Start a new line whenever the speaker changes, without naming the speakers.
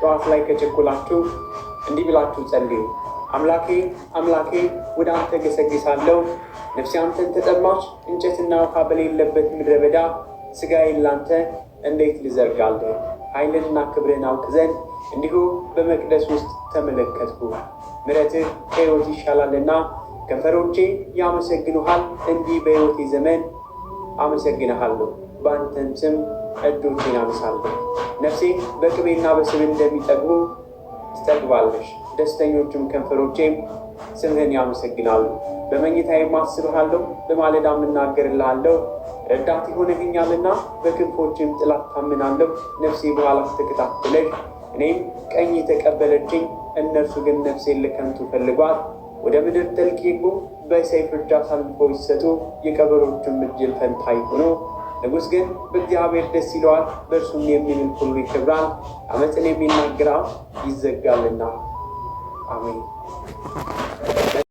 ጠዋት ላይ ከችኩላችሁ እንዲህ ብላችሁ ጸልዩ። አምላኬ አምላኬ ወደ አንተ ገሰግሳለሁ፣ ነፍሴ አንተን ተጠማች። እንጨትና ውሃ በሌለበት ምድረ በዳ ሥጋዬን ላንተ እንዴት ልዘርጋለሁ? ኃይልንና ክብርን አውቅ ዘንድ እንዲሁ በመቅደስ ውስጥ ተመለከትኩ። ምረትህ ከሕይወት ይሻላልና ከንፈሮቼ ያመሰግኑሃል። እንዲህ በሕይወቴ ዘመን አመሰግንሃለሁ፣ በአንተም ስም እጆቼን አነሳለሁ። ነፍሴ በቅቤና በስብ እንደሚጠግቡ ትጠግባለሽ፣ ደስተኞችም ከንፈሮቼም ስምህን ያመሰግናሉ። በመኝታዬም አስብሃለሁ፣ በማለዳም የምናገርልሃለሁ። ረዳት ይሆንህኛልና በክንፎችም ጥላት ታምናለሁ። ነፍሴ በኋላ ተከታተለች፣ እኔም ቀኝ የተቀበለችኝ። እነርሱ ግን ነፍሴን ለከንቱ ፈልጓት፣ ወደ ምድር ጥልቅ ይግቡ። በሰይፍ እርዳታ አልፈው ይሰጡ የቀበሮቹም እድል ፈንታ ይሆኑ። ንጉሥ ግን በእግዚአብሔር ደስ ይለዋል፣ በእርሱም የሚልን ሁሉ ይከብራል። አመፅን የሚናገር አፍ ይዘጋልና። አሜን።